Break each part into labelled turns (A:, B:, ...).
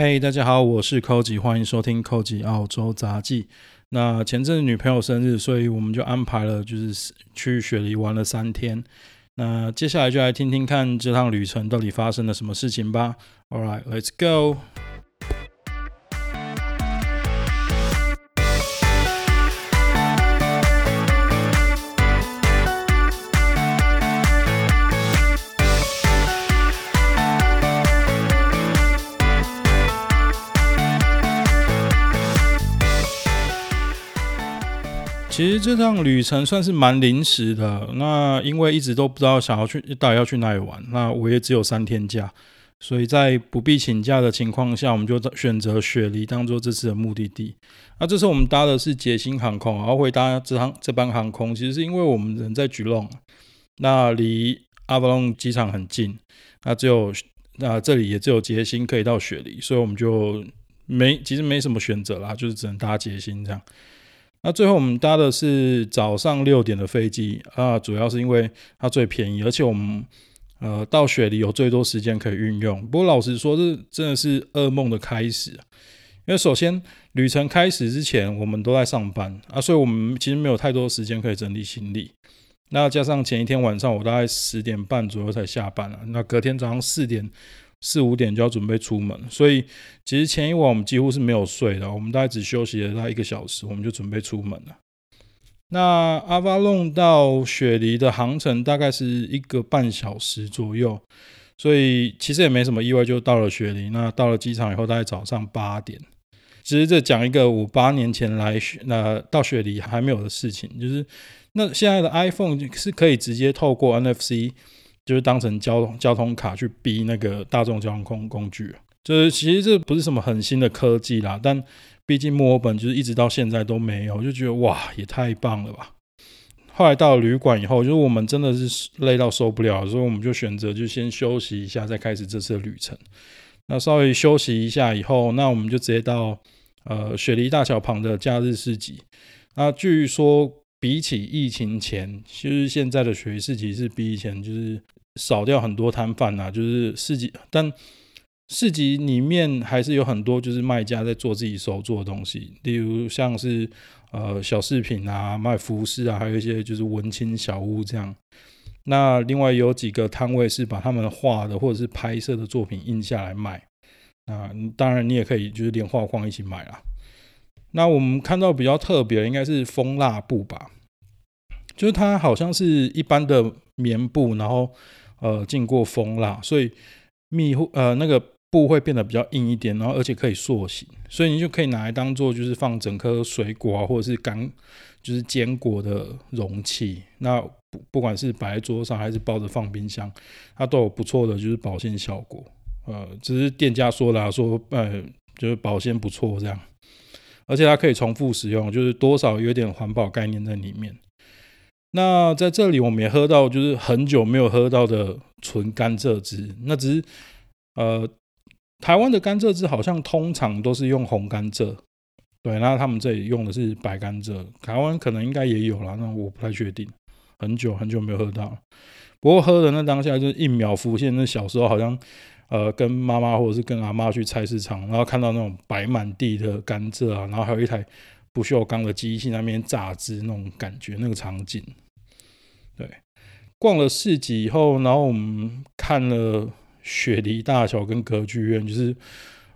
A: 嘿、hey，大家好，我是 c o 寇吉，歡迎收聽 c o 寇吉澳洲雜記。那前陣子女朋友生日，所以我們就安排了，就是去雪梨玩了三天。那接下來就來聽聽看這趟旅程到底發生了什麼事情吧。All right, let's go. 其實這趟旅程算是蠻臨時的，那因為一直都不知道想要去到底要去哪裡玩，那我也只有三天假，所以在不必請假的情況下，我們就選擇雪梨當做這次的目的地。那這次我們搭的是捷星航空，然後會搭這趟這班航空，其實是因為我們人在吉隆，那離阿波隆機場很近，那只有，那這裡也只有捷星可以到雪梨，所以我們就沒其實沒什麼選擇啦，就是只能搭捷星這樣。那最後我們搭的是早上六點的飛機啊，主要是因為它最便宜，而且我們呃到雪梨有最多時間可以運用。不過老實說，這真的是噩夢的開始，因為首先旅程開始之前我們都在上班啊，所以我們其實沒有太多時間可以整理行李。那加上前一天晚上我大概十點半左右才下班了，啊，那隔天早上四點。四五點就要準備出門，所以其實前一晚我們幾乎是沒有睡的，我們大概只休息了大概一個小時，我們就準備出門了。那 Avalon 到雪梨的航程大概是一個半小時左右，所以其實也沒什麼意外，就到了雪梨。那到了機場以後，大概早上八點，其實這講一個我八年前來雪那、呃、到雪梨還沒有的事情，就是那現在的 iPhone 是可以直接透過 NFC。就是當成交通交通卡去逼那個大眾交通工具，就是其實這不是什麼很新的科技啦，但畢竟墨爾本就是一直到現在都沒有，就覺得哇也太棒了吧。後來到了旅館以後，就是我們真的是累到受不了，所以我們就選擇就先休息一下，再開始這次的旅程。那稍微休息一下以後，那我們就直接到呃雪梨大橋旁的假日市集。那據說比起疫情前，其實現在的雪梨市集是比以前就是。少掉很多攤販吶，就是市集，但市集裡面還是有很多就是賣家在做自己手做的東西，例如像是呃小飾品啊、賣服飾啊，還有一些就是文青小屋這樣。那另外有幾個攤位是把他們畫的或者是拍攝的作品印下來賣，啊，當然你也可以就是連畫框一起買啦。那我們看到的比較特別應該是蜂蠟布吧，就是它好像是一般的棉布，然後。呃，經過蜂蠟，所以蜜，呃，那個布會變得比較硬一點，然後而且可以塑形，所以你就可以拿來當做就是放整顆水果啊，或者是乾就是堅果的容器。那不管是擺在桌上還是包著放冰箱，它都有不錯的就是保鮮效果。呃，只是店家說啦，啊，說呃就是保鮮不錯這樣，而且它可以重複使用，就是多少有點環保概念在裡面。那在這裡我們也喝到，就是很久沒有喝到的純甘蔗汁。那只是，呃，台灣的甘蔗汁好像通常都是用紅甘蔗，對。那他們這裡用的是白甘蔗，台灣可能應該也有啦。那我不太確定。很久很久沒有喝到，不過喝的那當下，就是一秒浮現那小時候好像，呃，跟媽媽或者是跟阿嬤去菜市場，然後看到那種擺滿地的甘蔗啊，然後還有一台。不鏽鋼的機器那邊榨汁，那種感覺，那個場景。對，逛了市集以後，然後我們看了雪梨大橋跟歌劇院，就是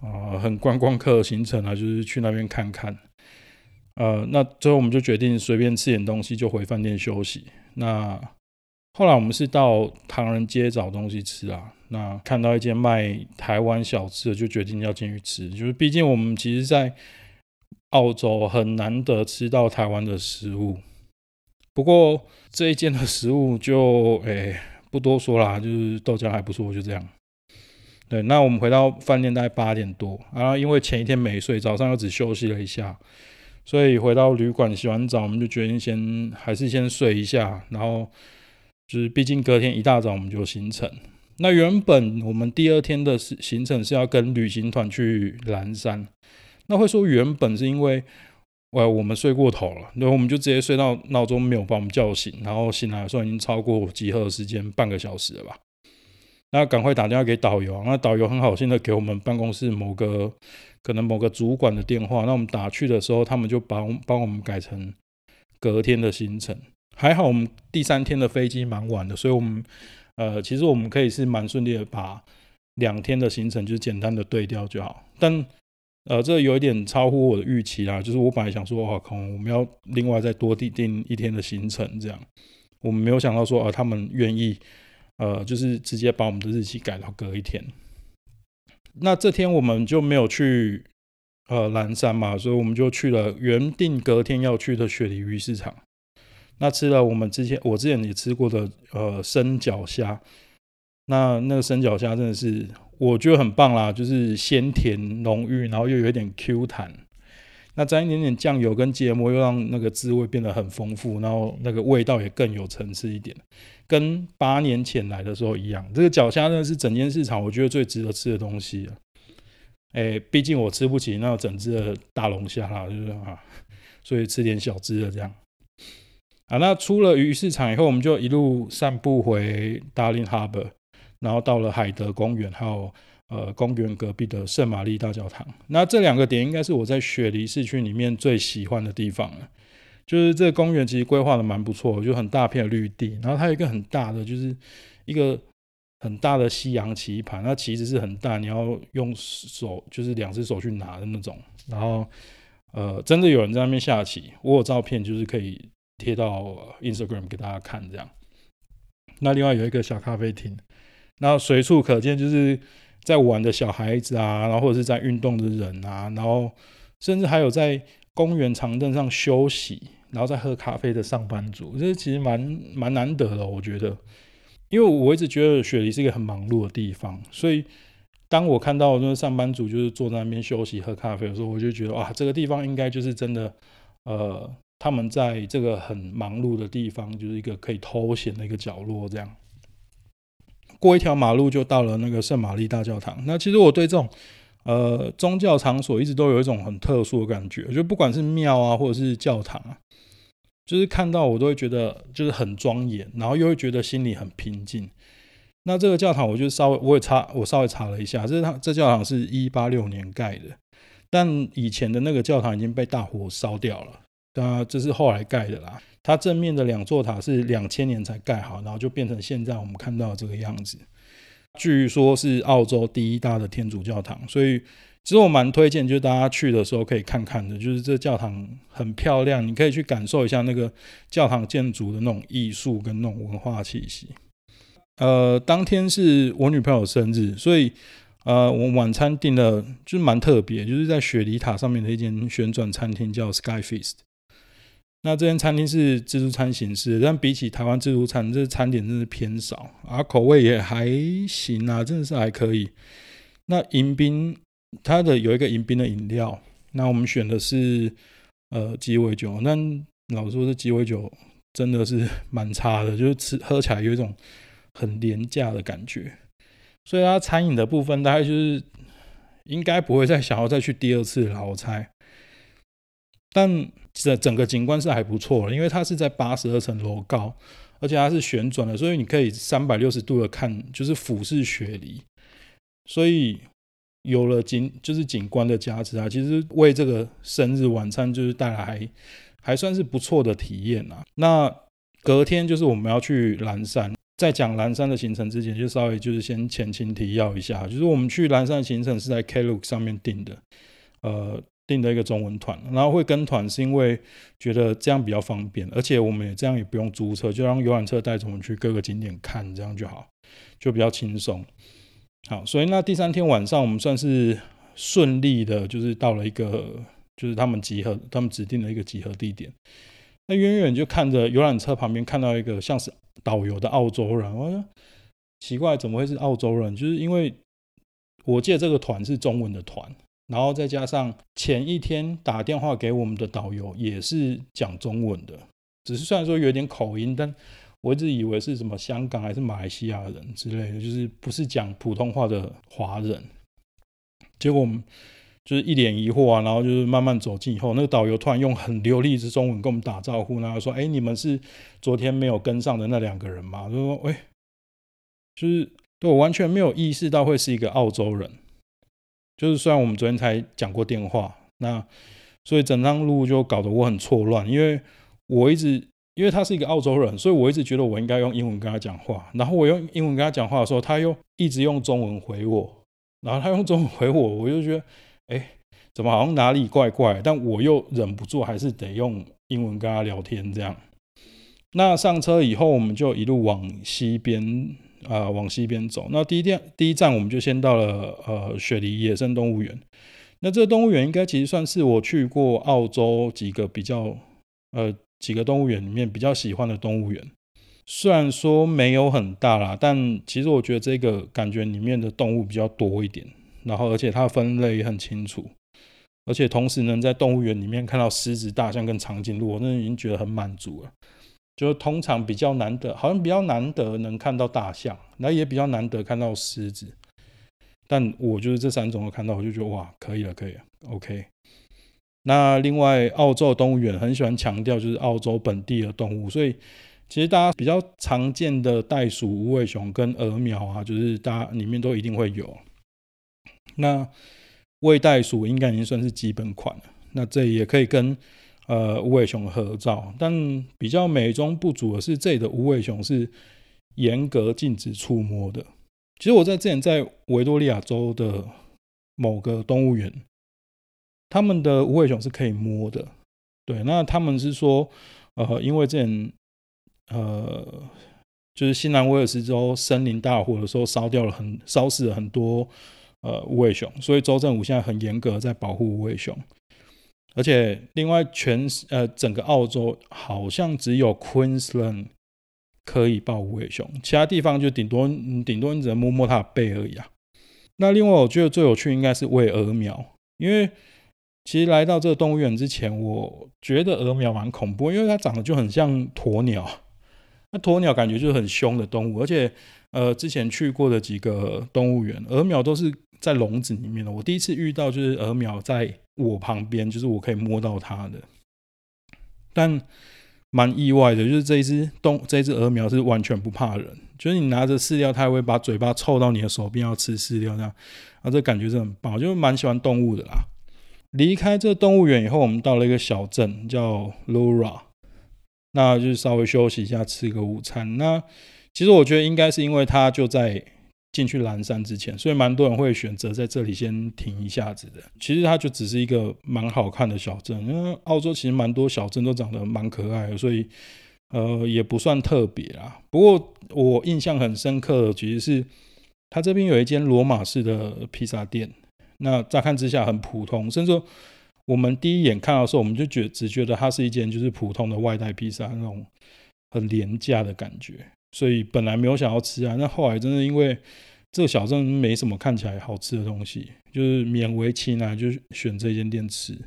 A: 啊、呃，很觀光客的行程啊，就是去那邊看看。呃，那最後我們就決定隨便吃點東西就回飯店休息。那後來我們是到唐人街找東西吃啊，那看到一間賣台灣小吃的，就決定要進去吃。就是畢竟我們其實，在澳洲很難得吃到台灣的食物，不過這一間的食物就誒、欸、不多說啦，就是豆漿還不錯，就這樣。對，那我們回到飯店大概八點多，然後因為前一天沒睡，早上又只休息了一下，所以回到旅館洗完澡，我們就決定先還是先睡一下，然後就是畢竟隔天一大早我們就行程。那原本我們第二天的行程是要跟旅行團去藍山。那會說原本是因為，哎，我們睡過頭了，然後我們就直接睡到鬧鐘沒有把我們叫醒，然後醒來的時候已經超過集合的時間半個小時了吧？那趕快打電話給導遊啊，那導遊很好心的給我們辦公室某個可能某個主管的電話，那我們打去的時候，他們就幫幫我們改成隔天的行程。還好我們第三天的飛機蠻晚的，所以我們呃，其實我們可以是蠻順利的把兩天的行程就簡單的對調就好，但。呃，這有一點超乎我的預期啦。就是我本來想說，哇，可能我們要另外再多訂訂一天的行程這樣。我們沒有想到說，啊、呃，他們願意，呃，就是直接把我們的日期改到隔一天。那這天我們就沒有去，呃，藍山嘛，所以我們就去了原定隔天要去的雪梨魚市場。那吃了我們之前，我之前也吃過的，呃，生腳蝦。那那個生腳蝦真的是。我覺得很棒啦，就是鮮甜濃郁，然後又有一點 Q 彈。那沾一點點醬油跟芥末，又讓那個滋味變得很豐富，然後那個味道也更有層次一點。跟八年前來的時候一樣，這個腳蝦真的是整間市場我覺得最值得吃的東西。哎、欸，畢竟我吃不起那整只的大龍蝦啦，就是啊，所以吃點小只的這樣。啊，那出了魚市場以後，我們就一路散步回 Darling Harbour。然後到了海德公園，還有呃、公園隔壁的聖瑪麗大教堂。那這兩個點應該是我在雪梨市區裡面最喜歡的地方了。就是這個公園其實規劃的蠻不錯，就很大片的綠地。然後它有一個很大的，就是一個很大的西洋棋盤，那棋子是很大，你要用手就是兩隻手去拿的那種。然後呃，真的有人在那邊下棋，我有照片，就是可以貼到 Instagram 給大家看這樣。那另外有一個小咖啡廳。然後隨處可見，就是在玩的小孩子啊，然後或者是在運動的人啊，然後甚至還有在公園長凳上休息，然後在喝咖啡的上班族，這其實蠻蠻難得的，我覺得。因為我一直覺得雪梨是一個很忙碌的地方，所以當我看到那上班族就是坐在那邊休息喝咖啡的時候，我就覺得哇、啊，這個地方應該就是真的，呃，他們在這個很忙碌的地方，就是一個可以偷閒的一個角落這樣。過一條馬路就到了那個聖瑪麗大教堂。那其實我對這種呃，宗教場所一直都有一種很特殊的感覺，就不管是廟啊，或者是教堂啊，就是看到我都會覺得就是很莊嚴，然後又會覺得心裡很平靜。那這個教堂，我就稍微我也查，我稍微查了一下，這是它這教堂是一八六年蓋的，但以前的那個教堂已經被大火燒掉了。啊，這是後來蓋的啦。它正面的兩座塔是兩千年才蓋好，然後就變成現在我們看到的這個樣子。據說是澳洲第一大的天主教堂，所以其實我蠻推薦，就是大家去的時候可以看看的，就是這教堂很漂亮，你可以去感受一下那個教堂建築的那種藝術跟那種文化氣息。呃，當天是我女朋友生日，所以呃，我晚餐訂的就是蠻特別，就是在雪梨塔上面的一間旋轉餐廳，叫 Sky Feast。那這間餐廳是自助餐形式，但比起台灣自助餐，這餐點真的是偏少，而、啊、口味也還行啊，真的是還可以。那迎賓，它的有一個迎賓的飲料，那我們選的是呃雞尾酒。那老實說，這雞尾酒真的是蠻差的，就是吃喝起來有一種很廉價的感覺。所以它餐飲的部分，大概就是應該不會再想要再去第二次了。我猜，但。的，整個景觀是還不錯的。因為它是在八十二層樓高，而且它是旋轉的，所以你可以三百六十度的看，就是俯視雪梨。所以有了景，就是景觀的加持啊，其實為這個生日晚餐就是帶來還算是不錯的體驗啊。那隔天就是我們要去藍山，在講藍山的行程之前，就稍微就是先前情提要一下，就是我們去藍山的行程是在 Klook 上面訂的，呃。訂的一個中文團，然後會跟團是因為覺得這樣比較方便，而且我們也這樣也不用租車，就讓遊覽車帶着我們去各個景點看，這樣就好，就比較輕鬆。好，所以那第三天晚上，我們算是順利的，就是到了一個就是他們集合、他們指定的一個集合地點。那遠遠就看着遊覽車旁邊，看到一個像是導遊的澳洲人，我奇怪，怎麼會是澳洲人？就是因為我記得這個團是中文的團。然後再加上前一天打電話給我們的導遊也是講中文的，只是雖然說有點口音，但我一直以為是什麼香港還是馬來西亞人之類的，就是不是講普通話的華人。結果我們就是一臉疑惑啊，然後就是慢慢走近以後，那個導遊突然用很流利的中文跟我們打招呼，然後說：“哎，你們是昨天沒有跟上的那兩個人嗎？”就說：“哎，就是，對，我完全沒有意識到會是一個澳洲人。”就是雖然我們昨天才講過電話，那所以整趟路就搞得我很錯亂，因為我一直因為他是一個澳洲人，所以我一直覺得我應該用英文跟他講話。然後我用英文跟他講話的時候，他又一直用中文回我，然後他用中文回我，我就覺得，哎、欸，怎麼好像哪裡怪怪的？但我又忍不住還是得用英文跟他聊天這樣。那上車以後，我們就一路往西邊。啊、呃，往西邊走。那第一站，第一站我們就先到了呃雪梨野生動物園。那這個動物園應該其實算是我去過澳洲幾個比較呃幾個動物園裡面比較喜歡的動物園。雖然說沒有很大啦，但其實我覺得這個感覺裡面的動物比較多一點。然後而且它分類也很清楚，而且同時能在動物園裡面看到獅子、大象跟長頸鹿，我真的已經覺得很滿足了。就通常比較難得，好像比較難得能看到大象，然後也比較難得看到獅子。但我就是這三種我看到，我就覺得哇，可以了，可以了，OK。那另外，澳洲的動物園很喜歡強調就是澳洲本地的動物，所以其實大家比較常見的袋鼠、無尾熊跟鸸鹋啊，就是大家裡面都一定會有。那袋袋鼠應該已經算是基本款了，那這也可以跟。呃，無尾熊的合照，但比較美中不足的是，這裡的無尾熊是嚴格禁止觸摸的。其實我在之前在維多利亞州的某個動物園，他們的無尾熊是可以摸的。對，那他們是說，呃，因為之前呃，就是新南威爾士州森林大火的時候，燒掉了很燒死了很多呃無尾熊，所以州政府現在很嚴格的在保護無尾熊。而且，另外全呃整個澳洲好像只有 Queensland 可以抱無尾熊，其他地方就頂多、嗯、頂多你只能摸摸它的背而已啊。那另外，我覺得最有趣應該是餵鴯鶓，因為其實來到這個動物園之前，我覺得鴯鶓蠻恐怖，因為它長得就很像鴕鳥，那鴕鳥感覺就是很凶的動物。而且，呃，之前去過的幾個動物園，鴯鶓都是在籠子裡面的。我第一次遇到就是鴯鶓在。我旁邊就是我可以摸到它的。但蠻意外的，就是這一只動。這一只鵝苗是完全不怕人，就是你拿着飼料，它也會把嘴巴湊到你的手邊要吃飼料這樣，啊，這感覺是很棒，就蠻喜歡動物的啦。離開這個動物園以後，我們到了一個小鎮叫 Lura，那就是稍微休息一下，吃個午餐。那其實我覺得應該是因為它就在。進去藍山之前，所以蠻多人會選擇在這裡先停一下子的。其實它就只是一個蠻好看的小鎮，因為澳洲其實蠻多小鎮都長得蠻可愛的，所以呃也不算特別啦。不過我印象很深刻，其實是它這邊有一間羅馬式的披薩店。那乍看之下很普通，甚至我們第一眼看到的時候，我們就覺只覺得它是一間就是普通的外帶披薩，那種很廉價的感覺。所以本來沒有想要吃啊，那後來真的因為這個小鎮沒什麼看起來好吃的東西，就是勉為其難就選這間店吃。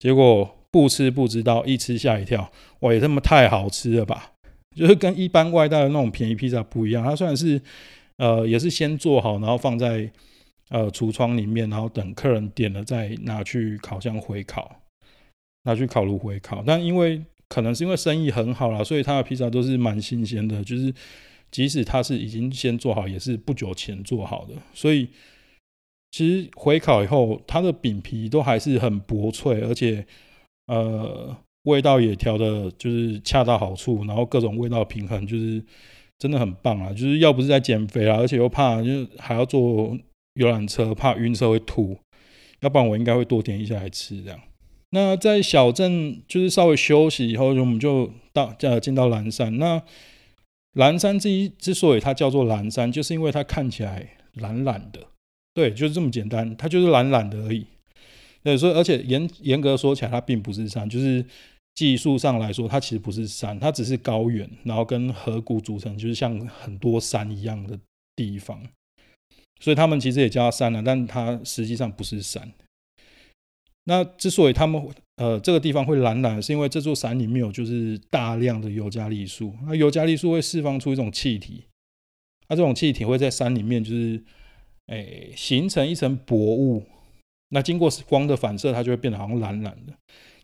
A: 結果不吃不知道，一吃嚇一跳，哇也他媽太好吃了吧！就是跟一般外帶的那種便宜披薩不一樣，它算是呃也是先做好，然後放在呃櫥窗裡面，然後等客人點了再拿去烤箱回烤，拿去烤爐回烤。但因為可能是因為生意很好啦，所以他的披薩都是蠻新鮮的。就是即使他是已經先做好，也是不久前做好的。所以其實回烤以後，它的餅皮都還是很薄脆，而且呃味道也調得就是恰到好處，然後各種味道平衡，就是真的很棒啊！就是要不是在減肥啦，而且又怕就還要坐遊覽車，怕暈車會吐，要不然我應該會多點一些來吃這樣。那在小鎮，就是稍微休息以後，就我們就到呃進到藍山。那藍山之一之所以它叫做藍山，就是因為它看起來藍藍的，對，就是這麼簡單，它就是藍藍的而已。對，所以而且嚴嚴格說起來，它並不是山，就是技術上來說，它其實不是山，它只是高原，然後跟河谷組成，就是像很多山一樣的地方。所以他們其實也叫它山了，但它實際上不是山。那之所以他們呃這個地方會藍藍，是因為這座山裡面有就是大量的尤加利樹，那尤加利樹會釋放出一種氣體，那、啊、這種氣體會在山裡面就是誒、欸、形成一層薄霧，那經過光的反射，它就會變得好像藍藍的。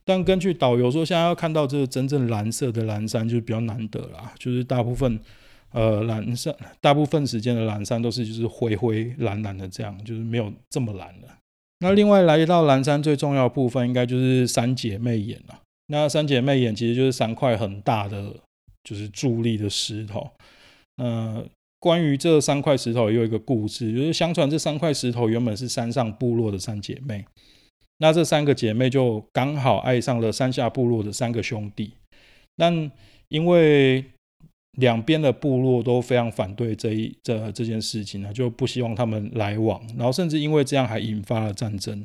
A: 但根據導遊說，現在要看到這個真正藍色的藍山，就是比較難得啦，就是大部分呃藍色，大部分時間的藍山都是就是灰灰藍藍的這樣，就是沒有這麼藍的。那另外來到藍山最重要的部分，應該就是三姐妹岩了啊。那三姐妹岩其實就是三塊很大的，就是佇立的石頭。呃，關於這三塊石頭，有一個故事，就是相傳這三塊石頭原本是山上部落的三姐妹。那這三個姐妹就剛好愛上了山下部落的三個兄弟，但因為兩邊的部落都非常反對這一這這件事情呢、啊，就不希望他們來往，然後甚至因為這樣還引發了戰爭。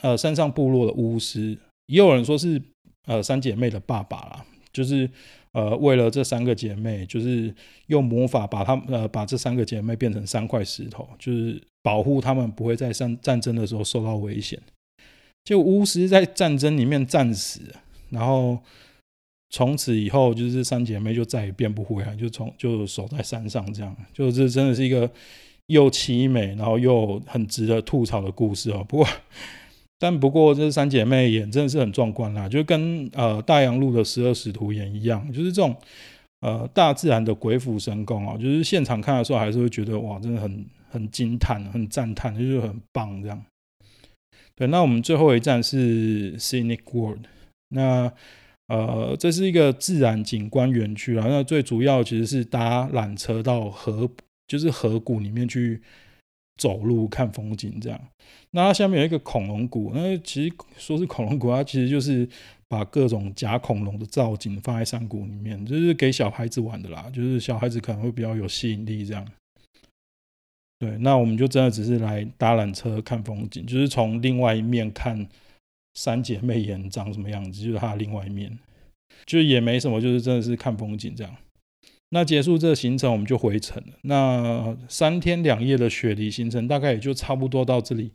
A: 呃，山上部落的巫師，也有人說是呃三姐妹的爸爸啦，就是呃為了這三個姐妹，就是用魔法把她們呃把這三個姐妹變成三塊石頭，就是保護她們不會在戰戰爭的時候受到危險。就巫師在戰爭裡面戰死，然後。從此以後，就是三姐妹就再也變不回來，就從就守在山上這樣。就這真的是一個又悽美，然後又很值得吐槽的故事啊、哦。不過，但不過這三姐妹也真的是很壯觀啦，就跟呃大洋路的十二使徒也一樣，就是這種呃大自然的鬼斧神工啊、哦。就是現場看的時候，還是會覺得哇，真的很很驚嘆，很讚嘆，就是很棒這樣。對，那我們最後一站是 Scenic World，那。呃，這是一個自然景觀園區啦。那最主要其實是搭纜車到河，就是河谷裡面去走路看風景這樣。那下面有一個恐龍谷，那其實說是恐龍谷，它其實就是把各種假恐龍的造景放在山谷裡面，就是給小孩子玩的啦。就是小孩子可能會比較有吸引力這樣。對，那我們就真的只是來搭纜車看風景，就是從另外一面看。三姐妹岩長什麼樣子？就是她的另外一面，就也沒什麼，就是真的是看風景這樣。那結束這個行程，我們就回城了。那三天兩夜的雪梨行程，大概也就差不多到這裡，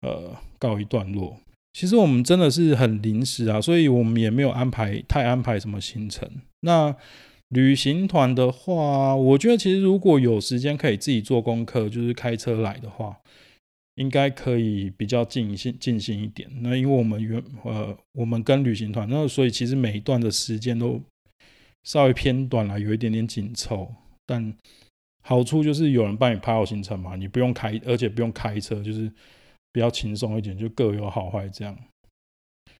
A: 呃，告一段落。其實我們真的是很臨時啊，所以我們也沒有安排太安排什麼行程。那旅行團的話，我覺得其實如果有時間可以自己做功課，就是開車來的話。應該可以比較盡興盡興一點。那因為我們原，呃，我們跟旅行團，那所以其實每一段的時間都稍微偏短了，有一點點緊湊。但好處就是有人幫你排好行程嘛，你不用開，而且不用開車，就是比較輕鬆一點。就各有好壞這樣。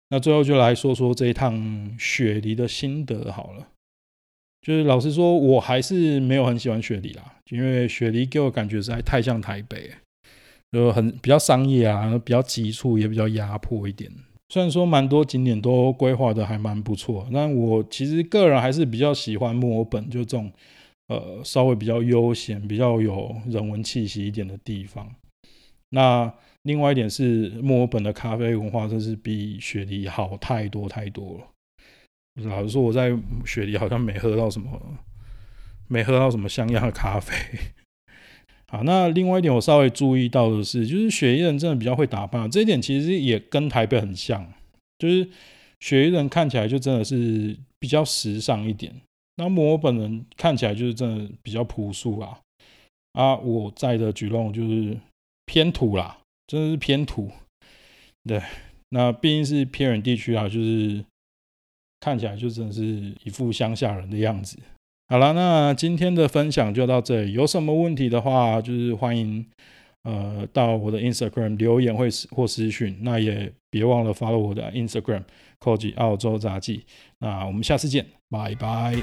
A: 那最後就來說說這一趟雪梨的心得好了。就是老實說，我還是沒有很喜歡雪梨啦，因為雪梨給我感覺實在太像台北欸。就很比較商業啊，比較急促，也比較壓迫一點。雖然說蠻多景點都規劃的還蠻不錯，但我其實個人還是比較喜歡墨爾本，就這種呃稍微比較悠閒、比較有人文氣息一點的地方。那另外一點是墨爾本的咖啡文化，真是比雪梨好太多太多了。老實說，我在雪梨好像沒喝到什麼，沒喝到什麼像樣的咖啡。啊，那另外一點我稍微注意到的是，就是雪梨人真的比較會打扮，這一點其實也跟台北很像，就是雪梨人看起來就真的是比較時尚一點。那麼我本人看起來就是真的比較樸素啊，啊，我在的舉動就是偏土啦，真的是偏土。對，那畢竟是偏遠地區啊，就是看起來就真的是一副鄉下人的樣子。好啦，那今天的分享就到這裡。有什麼問題的話，就是歡迎呃到我的 Instagram 留言或或私訊。那也別忘了 follow 我的 Instagram，叫做澳洲雜記。那我們下次見，拜拜。